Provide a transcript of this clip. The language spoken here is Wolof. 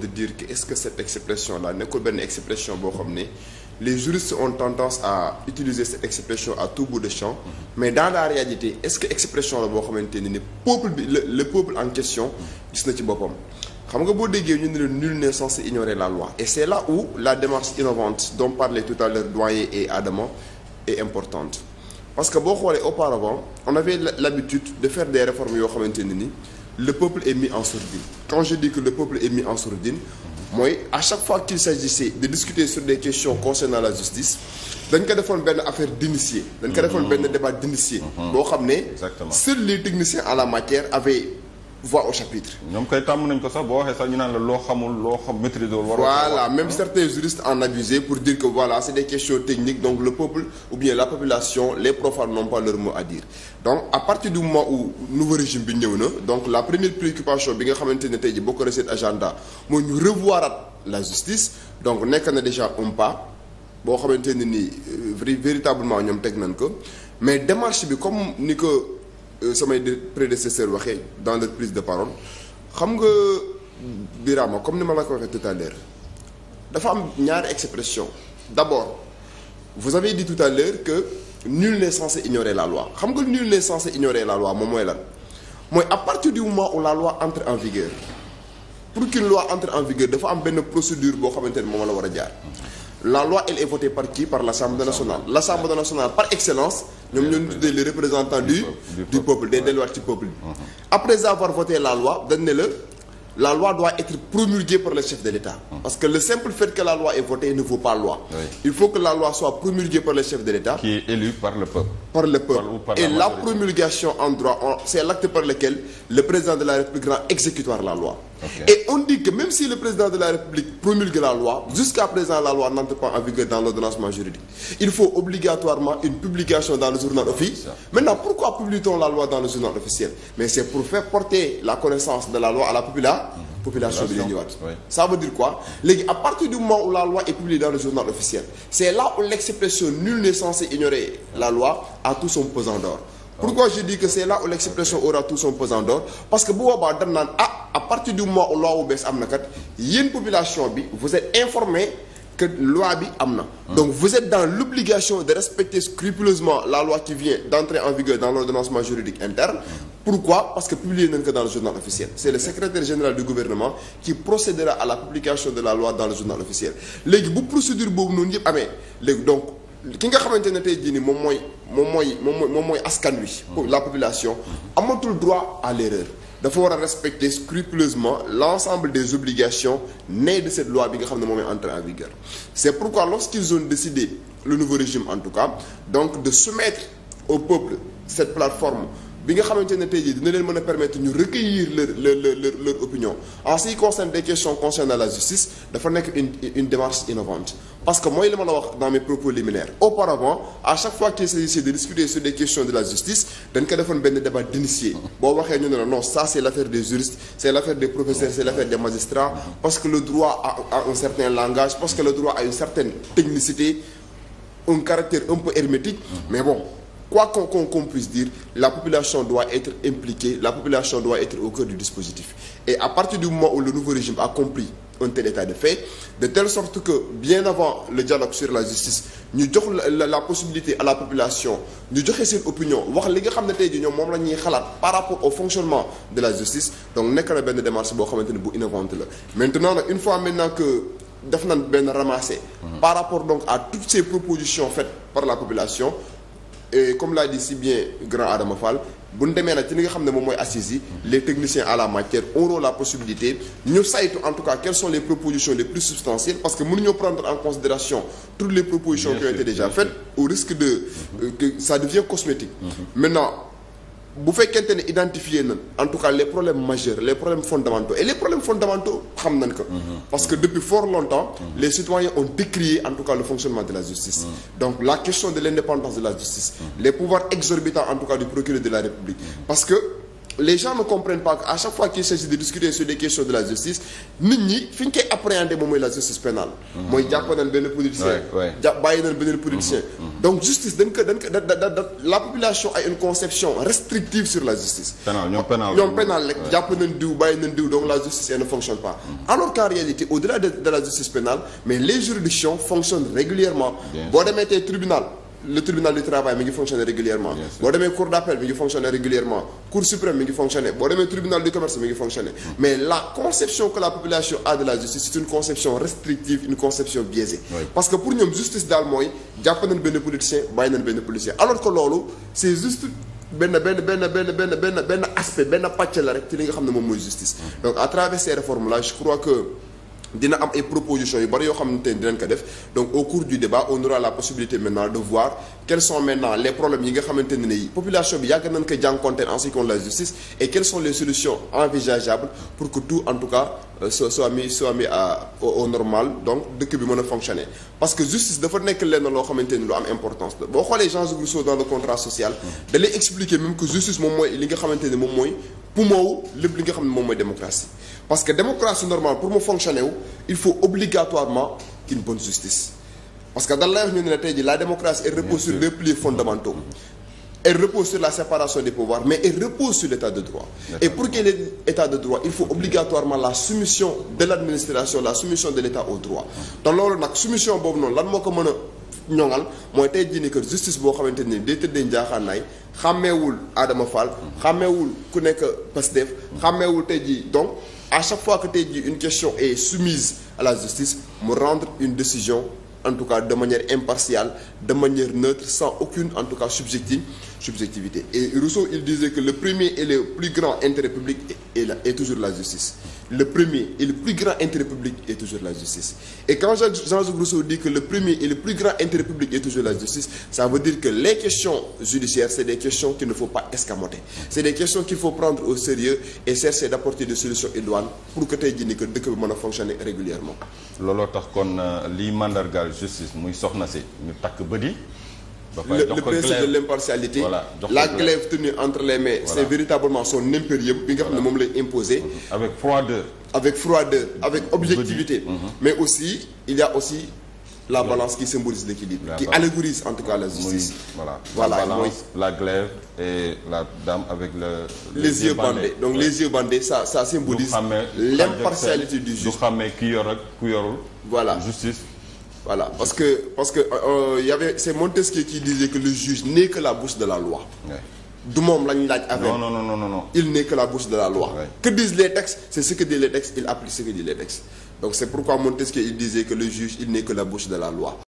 de dire que est-ce que cette expression là nekkul benn expression boo xam ne les juristes ont tendance à utiliser cette expression à tout bout de champ mm-hmm. mais dans la réalité est-ce que expression la boo xamante ne ni peuple bi le, peuple en question mm-hmm. gis na ci boppam xam nga boo déggee ñu ne le nul n'est censé ignorer la loi et c'est là où la démarche innovante dont parlait tout à l'heure Doyen et Adama est importante parce que boo xoolee auparavant on avait l'habitude de faire des yoo xamante ne ni le peuple est mis en sourdine quand je dis que le peuple est mis en sourdine mooy à chaque fois qu'il s'agissait de discuter sur des questions concernant la justice dañ ko defoon benn affaire d'initié dañ ko defoon benn débat d'initié mm-hmm. boo xam ne seuls les techniciens en la matière avaient voix au chapitre. ñoom kay tàmm nañ ko sax boo waxee sax ñu naan la loo xamul loo xam maîtriser wul. voilà même certains juristes en abusaient pour dire que voilà c'est des questions techniques donc le peuple ou bien la population les profanes n'ont pas leur mot à dire donc à partir du moment où nouveau régime bi ñëw na donc la première préoccupation bi nga xamante ne tey ji bokk na seen agenda mooy ñu revoirat la justice donc nekk na déjà un pas boo xamante ne nii euh, véritablement ñoom teg nañ ko mais démarche bi comme ni Euh, samay prédécesseurs waxee dans leur prise de parole xam nga Birama comme ni ma la ko waxee tout à l'heure dafa am ñaari expression d'abord vous avez dit tout à l'heure que nul n'est censé ignorer la loi xam nga nul n'est censé ignorer laal waa moom mooy lan mooy à partir du moment où la loi entre en vigueur pour qu'une loi entre en vigueur dafa am benn procédure boo xamante ne moom la war a jaar la loi elle est votée par qui par l'Assemblée nationale l'Assemblée nationale par excellence ñoom ñoo tuddee les représentants du du peuple day delluwaat ci peuple uh-huh. après avoir voté la loi dañ ne la la loi doit être promulguée par le chef de l'État uh-huh. parce que le simple fait que la loi est votée ne vaut pas loi il faut que la loi soit promulguée par le chef de l'État qui est élu par le peuple par le peuple et la promulgation en droit c'est l'acte par lequel Okay. Et on dit que même si le président de la République promulgue la loi, jusqu'à présent la loi n'entre pas dans l'ordonnancement juridique. Il faut obligatoirement une publication dans le journal officiel. Maintenant, pourquoi publie-t-on la loi dans le journal officiel? Mais c'est pour faire porter la connaissance de la loi à la mhm. population bi la ça veut dire quoi léegi à partir du moment où la loi est publiée dans le journal officiel c'est pourquoi je dis que c'est là où l'expression aura tout son pesant d'or parce que bu boobaa dañ naan ah à partir du moment où loi wu bees am na kat yéen population bi vous êtes informé que loi bi am na hmm. donc vous êtes dans l'obligation de respecter scrupuleusement la loi qui vient d'entrer en vigueur dans l'ordonnancement juridique interne hmm. pourquoi parce que publié nañ ko dans le journal officiel c'est le secrétaire général du gouvernement qui procédera ki nga xamante ne tey jii nii moom mooy moom mooy moom mooy askan wi. la population. amatul droit à l'erreur dafa war a respecter scrupuleusement l'ensemble des obligations nées de cette loi bi nga xam ne moom est entrée en vigueur. c'est pourquoi lorsqu'ils ont décidé le nouveau régime en tout cas donc de soumettre au peuple cette plateforme. bi nga xamante ne tey jii dina leen mën a permettre ñu recueillir leur leur leur leur opinion en ce qui concerne des nekk une une démarche innovante. parce que mooy li ma la wax dans mes propos liminaires auparavant à chaque fois qu'il s'agissait de discuter sur des questions de la justice dañ ko defoon benn débat d'initié boo waxee non ça c'est l'affaire des juristes c'est l'affaire des professeurs c'est l'affaire des magistrats parce que le droit a, a un certain langage parce que le droit a une certaine technicité un caractère un peu hermétique mais bon quoi qu'on qu'on qu'on puisse dire la population doit être impliquée la population doit être au cœur du un tel état de fait de telle sorte que bien avant le dialogue sur la justice ñu jox la la possibilité à la population ñu joxe seen opinion wax li nga xam ne tey jii ñoom moom la ñuy xalaat par rapport au fonctionnement de la justice donc nekk na benn démarche boo xamante ne bu innovante la maintenant nag une fois maintenant que. def na benn ramassé. Mhm. par rapport donc à toutes ces propositions faites par la population e comme l'a dit si bien grand Adama Fall bu ñu nag ci li nga xam ne moom mooy assises yi les techniciens à la matière auront la possibilité ñu saytu en tout cas quelles sont les propositions les plus substantielles parce que mënuñoo prendre en considération toutes les propositions bien qui ont été au risque de euh, que ça devient cosmétique mm-hmm. maintenant bu fekkente ne identifier nañ en tout cas les problèmes majeurs les problèmes fondamentaux et les problèmes fondamentaux xam nañ ko. Mm-hmm. Mm-hmm. les citoyens ont décrié en tout cas le fonctionnement de la justice. Mm-hmm. donc la question de l'indépendance de la justice. les pouvoirs exorbitants en tout cas du procureur de la République parce que. les gens ne comprennent pas qu'à chaque fois qu'il s'agit de discuter sur des questions de la justice nit ñi fi ñu koy appréhender moom mooy la justice pénale mooy jàpp nañ benn politicien mm-hmm, mm-hmm. justice dañ ko dañ ko da da la population a une conception restrictive sur la justice ñoom pénal rek jàpp nañ diw bàyyi nañ diw donc la justice elle ne fonctionne pas mm-hmm. alors qu'en réalité au-delà de, la justice pénale mais les juridictions fonctionnent demee tey tribunal le tribunal du travail mi ngi fonctionner régulièrement boo demee cour d'appel mi ngi fonctionner régulièrement cour suprême mi ngi fonctionner boo demee tribunal du commerce mi ngi fonctionner mm. mais la conception que la population a de la justice c'est une conception restrictive une conception biaisée parce que pour ñoom justice daal mooy jàpp nañ benn politicien bàyyi nañ benn policier alors que loolu c'est juste benn benn benn benn benn benn benn aspect nga xam ne moom mooy justice mm. donc à que dina am ay propositions yu bari yoo xamante ne dinañ ko def donc au cours du débat on aura la possibilité maintenant de voir quels sont maintenant les problèmes yi nga xamante ne ni population bi yàgg nañ ko jànkonteel en ce que normal donc dëkk bi mën a fonctionner parce que justice dafa nekk lenn loo xamante ni lu am importance boo xoolee Jean Rousseau dans le contrat social. Mmh. da expliquer même que justice moom mooy li nga xamante ne moom mooy. poumon wu lépp li nga xam ne moom mooy démocratie parce que démocratie normale pour mu fonctionner wu il faut obligatoirement une bonne justice parce que dan lay wax ñu ne tey jii la démocratie elle repose sur les piliers fondamentaux repose sur la séparation des pouvoirs mais elle repose sur l'état de droit et pour qu'il y état de droit il faut obligatoirement la soumission de l'administration la soumission de l'état au droit te loolu nag soumission boobu noonu lan moo ko mën a ñoŋal mooy tey jii ni que justice boo xamante ni day tëddee njaaxaanaay xàmmeewul Adama Fall. xàmmeewul ku nekk Pastef. xàmmeewul tey jii donc à chaque fois que tey jii une question est soumise à la justice mu rendre une décision en tout cas de manière impartiale de manière neutre sans aucune en tout cas subjective subjectivité et Rousseau il disait que le premier et le plus grand intérêt public est est toujours la justice. le premier et le plus grand intérêt public toujours la justice. Et quand Jean-Jacques Rousseau dit que le premier et le plus grand intérêt public est toujours la justice, ça veut dire que les questions judiciaires, c'est des questions qu'il ne faut pas escamoter. C'est des questions qu'il faut prendre au sérieux et chercher d'apporter des solutions idoines pour que tey jii nii que dëkk bi mën a fonctionner régulièrement. looloo tax kon euh, lii mandargaal justice si ñu takk bëri. le, le principe de l'impartialité voilà, la glaive tenue entre les mains voilà. c'est véritablement son impérium bi nga xam ne imposer mhm. avec froideur avec objectivité mhm. mais aussi il y a aussi la balance qui symbolise l'équilibre qui allégorise en tout cas la justice voilà la glaive et la dame avec le les yeux bandés donc les yeux bandés ça ça symbolise l'impartialité du juge du xamee ki yor ak ku justice voilà parce que parce que euh, euh, y avait c'est Montesquieu qui disait que le juge n'est que la bouche de la loi. Ouais. du moom lañ laaj avec. non non non non non. il n'est que la bouche de la loi. que disent les textes c'est ce que disent les textes il applique ce que disent les textes donc c'est pourquoi Montesquieu il disait que le juge il n'est que la bouche de la loi.